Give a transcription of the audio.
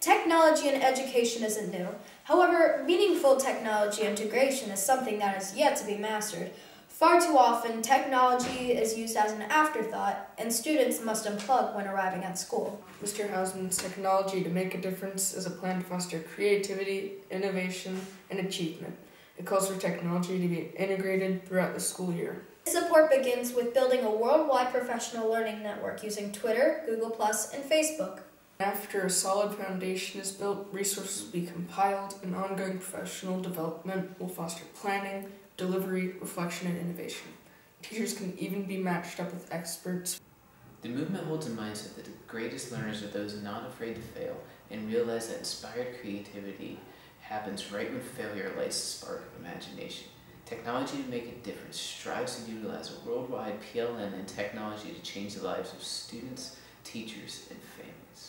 Technology in education isn't new. However, meaningful technology integration is something that is yet to be mastered. Far too often, technology is used as an afterthought, and students must unplug when arriving at school. Mr. Hausman's Technology to Make a Difference is a plan to foster creativity, innovation, and achievement. It calls for technology to be integrated throughout the school year. This support begins with building a worldwide professional learning network using Twitter, Google, and Facebook. After a solid foundation is built, resources will be compiled, and ongoing professional development will foster planning, delivery, reflection, and innovation. Teachers can even be matched up with experts. The movement holds a mindset that the greatest learners are those not afraid to fail and realize that inspired creativity happens right when failure lights the spark of imagination. Technology to make a difference strives to utilize a worldwide PLN and technology to change the lives of students, teachers, and families.